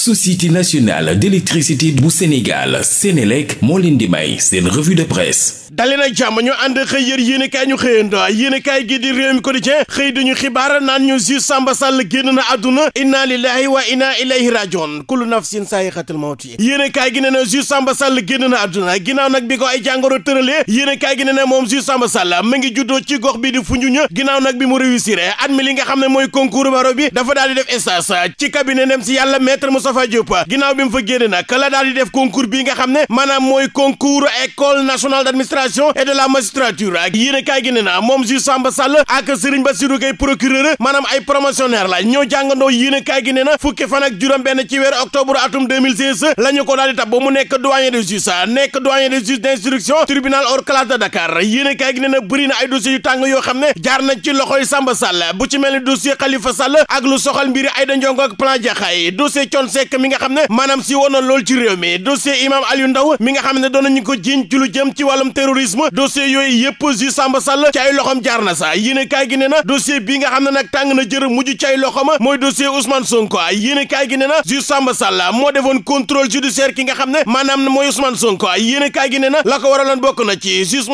société nationale d'électricité bu Sénégal Sénélec moo leen di may seen revue de presse dali nag jàmm ñu ànd xëy yër yéenekaay ñu xëyando yéenekaay gi di Rewmi Quotidien xëy dañu xibaar naan ñu juge Samba Sall génn na àdduna inna lillahi wa inna ilayhi rajiun kullu nafsin saa'iqatul mawt yéenekaay gi ne na juge Samba Sall génn na àdduna ginnaaw nag bi ko ay jàngoro tëralee yéenekaay gi ne na moom juge Samba Sall mu ngi juddoo ci gox bi di Foundiougne Moustapha Diop ginnaaw bi mu fa génne nag la daal di def concours bi nga xam ne maanaam mooy concours école nationale d'administration et de la magistrature yéen a kaay gi ne na moom ju Samba Sall ak Serigne Bassirou Gueye procureur maanaam ay promotionnaire la ñoo jàngandoo yéen a kaay gi ne fukki fan ak ci weer octobre atum 2016 la ñu ko daal di tab mu nekk doyen de justice nekk doyen de justice d'instruction tribunal hors classe de Dakar yéen a gi ne na ay dossiers yu tàng yoo xam ne jaar nañ ci loxoy Samba Sall Seck mi nga xam ne maanaam si woon na lool ci réew mi dossier imam Aliou Ndao mi nga xam ne doon ko jiiñ ci lu yooyu yëpp ju Samba Sall ci ay loxom jaar na a kaay gi ne na dossier bi nga xam ne nag na jër mujj ci ay loxom mooy dossier Ousmane Sonko yéen a kaay gi ne na ju Samba Sall moo defoon contrôle judiciaire ki nga xam ne maanaam mooy Ousmane Sonko yéen a kaay na la ko waraloon bokk na xam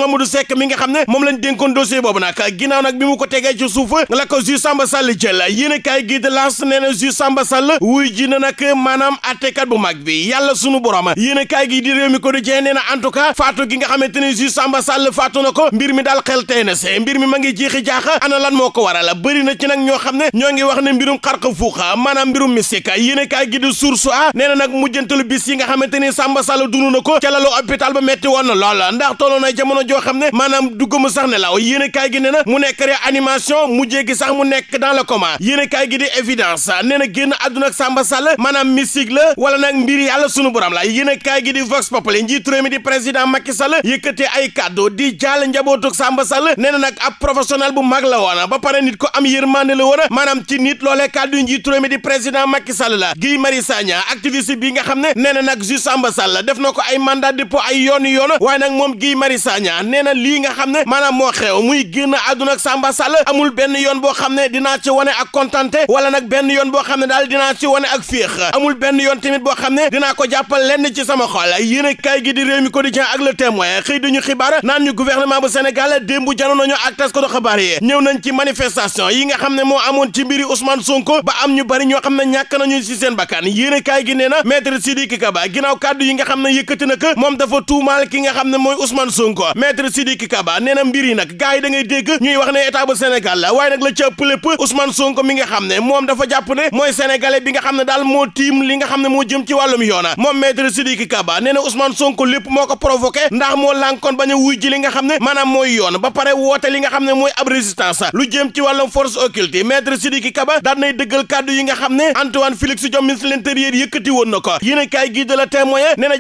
ne moom lañ dénkoon dossier boobu nag ginnaaw bi mu ko tegee ci suuf la ko ju Samba Sall jël yéen a gi de laas nee na Samba Sall wuy ji na nag maanaam attekat bu mag bi yàlla sunu borom yéen a kaay gi di réew mi ko di jee nee na en tout cas faatu gi nga xamante ne juge Samba Sall faatu na ko mbir mi daal xel tey na see mbir mi ma ngi jeexi jaaxa ana lan moo ko waral bëri na ci nag ñoo xam ne ñoo ngi wax ne mbirum xarqa fuuxa maanaam mbirum misika yéen a kaay gi di source a nee na nag mujjantalu bis yi nga xamante ni Samba Sall dund na ko ca lalu hôpital ba metti woon na lool ndax tolloon na jamono joo xam ne maanaam dugguma sax ne law yéen a kaay mu nekk réanimation mujjee gi sax mu nekk dans le coma yéen a kaay gi di évidence nee na génn àdduna ak maanaam mystique la wala nag mbir yàlla sunu borom la yéen a kaay gi di Vox Populi njiitu réew mi di président Macky Sall yëkkatee ay kàddu di jaal njabootu Samba Sall nee na nag ab professionnel bu mag la woon ba pare nit ko am yërmande la woon maanaam ci nit loolee kàddu njiitu réew mi di président Macky Sall la Guy Marie Sagna activiste bi nga xam ne nee na nag ju Samba Sall def na ko ay mandat dépôt ay yooni yoon waaye nag moom Guy Marie Sagna nee na lii nga xam ne maanaam moo xew muy génn àdduna ak Samba Sall amul benn yoon boo xam ne dinaa ci wane ak kontante wala nag benn yoon boo xam ne daal dinaa ci wane ak féex amul benn yoon tamit boo xam ne dinaa ko jàppal lenn ci sama xol yéen kaay gi di réew mi quotidien ak le témoin xëy duñu xibaar naan ñu gouvernement bu Sénégal démb jano nañu ak tas ko do yi ñëw nañ ci manifestation yi nga xam ne moo amoon ci mbiri Ousmane Sonko ba am ñu bari ñoo xam ne ñàkk nañu ci ba bakkan yéen kaay gi ne na maître Sidiki Kaba ginnaaw kàddu yi nga xam ne yëkkati na moom dafa tuumaal ki nga xam ne mooy Ousmane Sonko maître Sidiki Kaba ne na mbir yi nag gars yi da ngay dégg ñuy ne état bu Sénégal la waaye nag la ca ëpp lépp Ousmane mi nga xam ne moom dafa jàpp ne mooy sénégalais bi nga xam ne daal moo tiim li nga xam ne moo jëm ci wàllum yoona moom maître Sidiki Kaba nee na Ousmane Sonko lépp moo ko provoqué ndax moo lànkoon bañ a wuy ji li nga xam ne maanaam mooy yoon ba pare woote li nga xam ne mooy ab résistance lu jëm ci wàllum force occulte maître Sidiki Kaba daan nay dëggal kàddu yi nga xam ne Antoine Félix Diome ministre l'intérieur yëkkati woon na ko yéen a kaay gii de la témoin nee na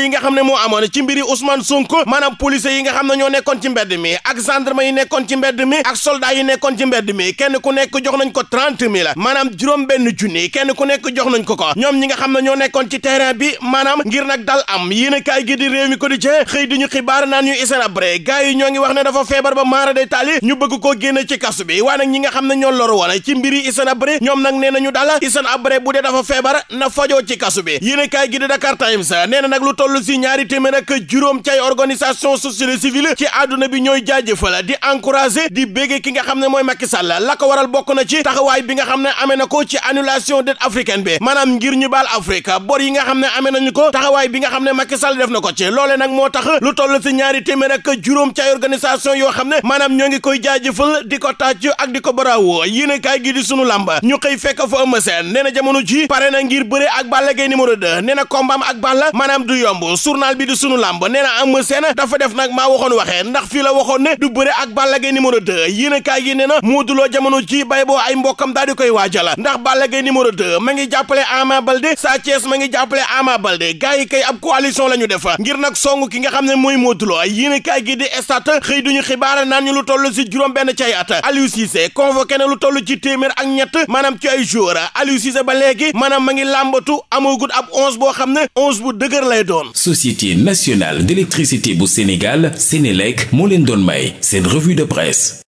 yi nga xam ne moo amoon ci mbiri Ousmane Sonko maanaam policiers yi nga xam ne ñoo nekkoon ci mbedd mi ak gendarme yi nekkoon ci ak soldats yi nekkoon ci mbedd mi kenn ku nekk jox nañ ko trente mille maanaam juróom benn junni kenn ku nekk jox nañ ko ko ñoom ñi nga xam ne ñoo nekkoon ci terrain bi maanaam ngir nag dal am yéen kaay gi di réew mi quotidien xëy di ñu xibaar naa ñu Hissène Habré gars yi ñoo ngi wax ne dafa feebar ba maara day taali ñu bëgg koo génne ci kasu bi waaye nag ñi nga xam ne ñoo loru woon ci mbiri Hissène Habré ñoom nag nee nañu daal Hissène Habré bu dee dafa feebar na fajoo ci kasu bi yéen kaay gi di Dakar Times nee nag lu toll si ñaari téeméer ak juróom cay organisation société civile ci àdduna bi ñooy jaajëfal di encourager di béggee ki nga xam ne mooy Macky Sall la waral bokk na ci taxawaay bi nga xam ne amee na ko ci annulation dette africaine bi am ngir ñu baal Afrique bor yi nga xam ne amee nañu ko taxawaay bi nga xam ne Macky Sall def na ko ci loole nag moo tax lu toll si ñaari téeméer ak juróom ci ay organisation yoo xam ne maanaam ñoo ngi koy jaajëfal di ko tàcc ak di ko baraawo yéen kaay gi di sunu làmb ñu xëy fekk fa Eumeu Sène nee na jamono ji pare na ngir bëre ak Balla Gaye numéro 2 ne na kombaam ak Balla maanaam du yomb journal bi di sunu lamb ne na Eumeu Sène dafa def nag maa waxoon waxee ndax fii la waxoon ne du bëre ak Balla Gaye numéro 2 yéen kaay gi nee na Modou Lo jamono ji bay boo mbokkam daal di koy waajal ndax Ama Baldé Sa Thiès ma ngi jàppale Ama Baldé gars yi kay ab coalition la ñu def ngir nag song ki nga xam ne mooy Modou Lo yéen kaay gi di Stades xëy duñu xibaara naan ñu lu toll si juróom benn cay at Aliou Cissé convoqué na lu toll ci téeméer ak ñett maanaam ci ay joueur Aliou Cissé ba léegi maanaam ma ngi làmbatu amoogut ab onze boo xam ne onze bu dëgër lay doon Société nationale d'électricité bu Sénégal Sénélec moo leen doon may seen revue de presse